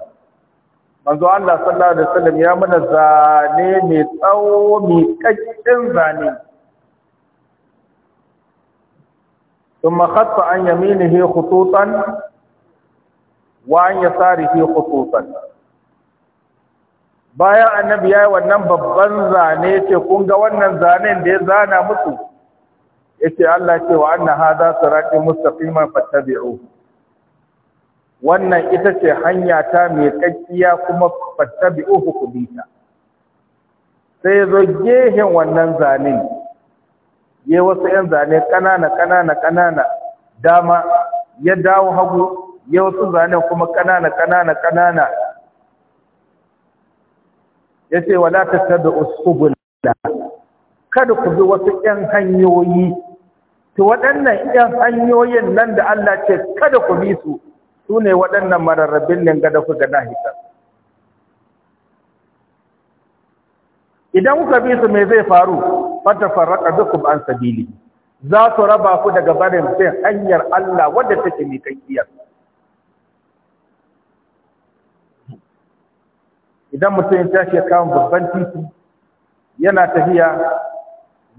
manzo Allah sallallahu alaihi wasallam ya mana zane mai tsawo mai kakkin zane ثم خط عن يمينه خطوطا وعن يساره خطوطا bayan annabi ya yi wannan babban zane ce kun ga wannan zanen da ya zana musu Ya ce Allah ce wa ha za su raƙi sirati mustaqiman fattabi'u wannan ita ce hanya ta mai kakkiya kuma fattabi'u hukumita sai ya zo gehen wannan zanen ya wasu yan zane kanana kanana kanana dama ya dawo hagu ya wasu zanen kuma kanana kanana kanana Ya ce, yace wala tattabi'us subula kada ku bi wasu ƴan hanyoyi to waɗannan ƴan hanyoyin nan da Allah ce kada ku bi su su ne waɗannan mararrabin nan gada ku gana hita idan kuka bi su me zai faru fata farraka bikum an sabili za su raba ku daga barin sai hanyar Allah wadda take miƙaƙƙiyar idan mutum ya tashi ya kama babban titi yana tafiya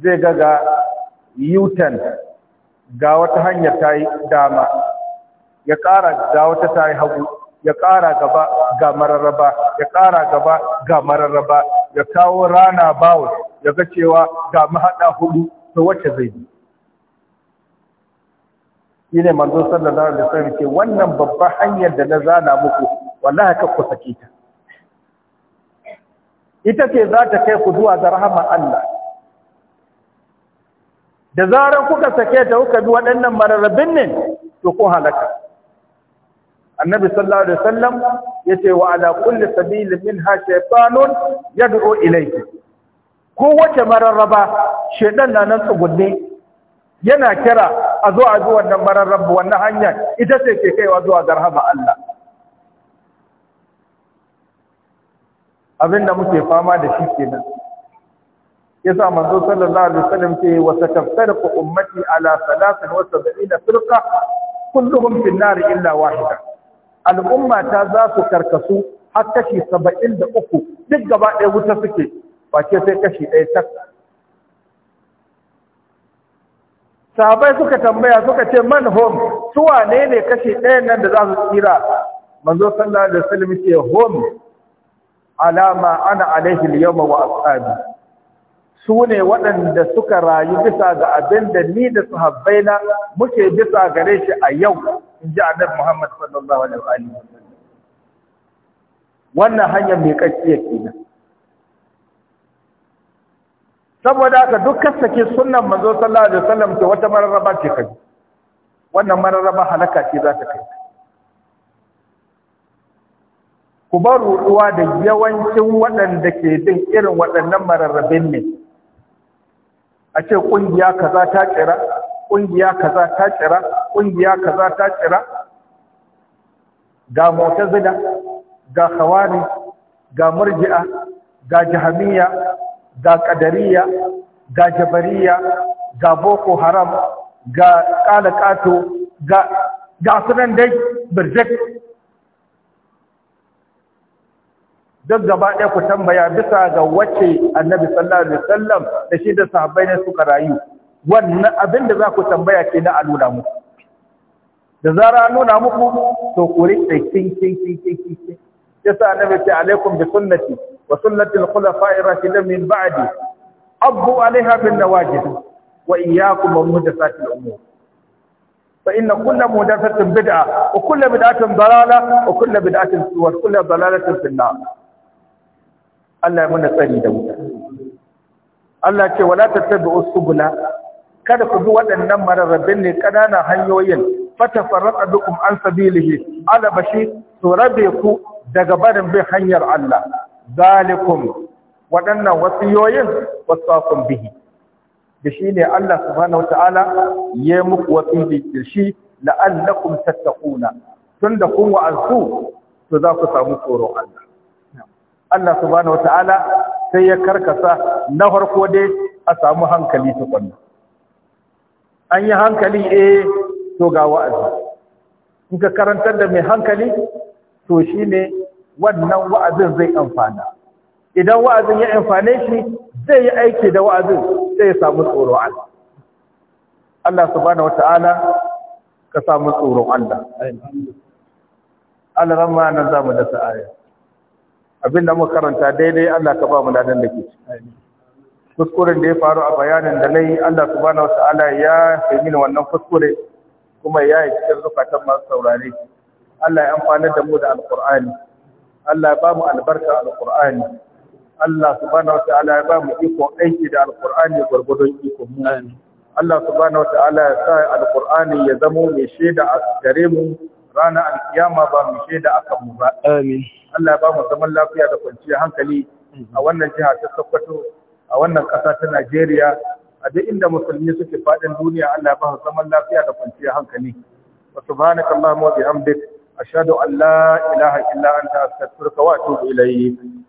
zai ga ga yutan ga wata hanyar ta yi dama ya ƙara ga wata ta yi hagu ya ƙara gaba ga mararraba ya ƙara gaba ga mararraba ya kawo rana bawul ya ga cewa ga mahaɗa hudu to wacce zai bi shi ne manzo sallallahu alaihi wasallam ce wannan babban hanyar da na zana muku wallahi ka ku sake ita ce za ta kai ku zuwa ga rahama Allah da zarar kuka sake ta kuka bi waɗannan mararrabin ne to ku halaka annabi sallallahu alaihi wasallam yace wa ala kulli sabilin minha shaytanun yad'u ilayhi ko wace mararraba shaiɗan na nan tsugunne yana kira a zo a zuwa wannan mararrabu, wannan hanya ita ce ke kaiwa zuwa garhama Allah abin da muke fama da shi kenan yasa manzo sallallahu alaihi wasallam ce wa sataftarqu ummati ala 73 firqa kulluhum fi an-nar illa wahida al'umma ta za su karkasu har kashi 73 duk gaba ɗaya wuta suke ba ce sai kashi ɗaya tak sahabai suka tambaya suka ce man hom su wane ne kashi ɗaya nan da za su tsira manzo sallallahu alaihi wasallam ce hom alama ana alaihi al-yawma wa ashabi su ne waɗanda suka rayu bisa ga abin da ni da na muke bisa gare shi a yau in ji annabi Muhammad sallallahu alaihi wa alihi wannan hanyar mai kakkiya kenan saboda haka duk kasake sunnan manzo sallallahu alaihi sallam ta wata mararraba ce kai wannan mararraba halaka ce za ta kai ku bar ruɗuwa da yawancin waɗanda ke bin irin waɗannan mararrabin ne a ce ƙungiya kaza ta ƙira? ƙungiya kaza ta tsira ƙungiya kaza ta ƙira? ga Mota mu'tazila ga hawari ga murji'a ga jahamiya ga ƙadariya, ga jabariya ga boko haram ga ƙalaƙato ga sunan dai birjik Don gaba ɗaya ku tambaya bisa ga wacce annabi sallallahu alaihi wasallam da shi da sahabbai ne suka rayu wannan abin da za ku tambaya ke na a muku da zara a nuna muku to ku riƙe kin kin kin kin kin yasa annabi ce alaikum bi sunnati wa sunnati al-khulafa'i ar-rashidin min ba'di abu alaiha bin nawajid wa iyyakum wa muhdathatil umur فإن كل مهدفة بدعة وكل بدعة ضلالة وكل بدعة وكل ضلالة في النار Allah ya muna tsari da wuta Allah ce wala tattabi'u subula kada ku bi waɗannan mararrabin ne ƙananan hanyoyin fatafarraqa bikum an sabilihi ala bashi to ku daga barin bin hanyar Allah zalikum waɗannan wasiyoyin wasaqum bihi da shi ne Allah subhanahu wataala ya muku wasiyi da shi la'allakum tattaquna tunda kun wa'azu to za ku samu tsoron Allah Allah subhanahu wataala sai ya karkasa na farko dai a samu hankali tukunna an yi hankali eh to ga wa'azi in ka karantar da mai hankali to shine wannan wa'azin zai amfana idan wa'azin ya amfane shi zai yi aiki da wa'azin sai ya samu tsoro Allah Allah subhanahu wataala ka samu tsoron Allah Allah ramma nan zamu da sa'aya abinda muka karanta daidai Allah ka ba mu ladan da ke kuskuren da ya faru a bayanin da nayi Allah subhanahu wataala ya yi mini wannan kuskure kuma ya yi cikin zukatan masu saurare Allah ya amfana da mu da alqur'ani Allah ya ba mu albarka alqur'ani Allah subhanahu wataala ya ba mu iko aiki da alqur'ani gurgudun iko mu Allah subhanahu wataala ya sa alqur'ani ya zamo mai shaida a gare mu ranar alkiyama ba mu shaida akan mu ba amin Allah ba mu zaman lafiya da kwanciyar hankali a wannan jiha ta Sokoto a wannan ƙasa ta Najeriya a duk inda musulmi suke faɗin duniya Allah ba mu zaman lafiya da kwanciyar hankali wa subhanaka allahumma wa bihamdik ashhadu an la ilaha illa anta astaghfiruka wa atubu ilayk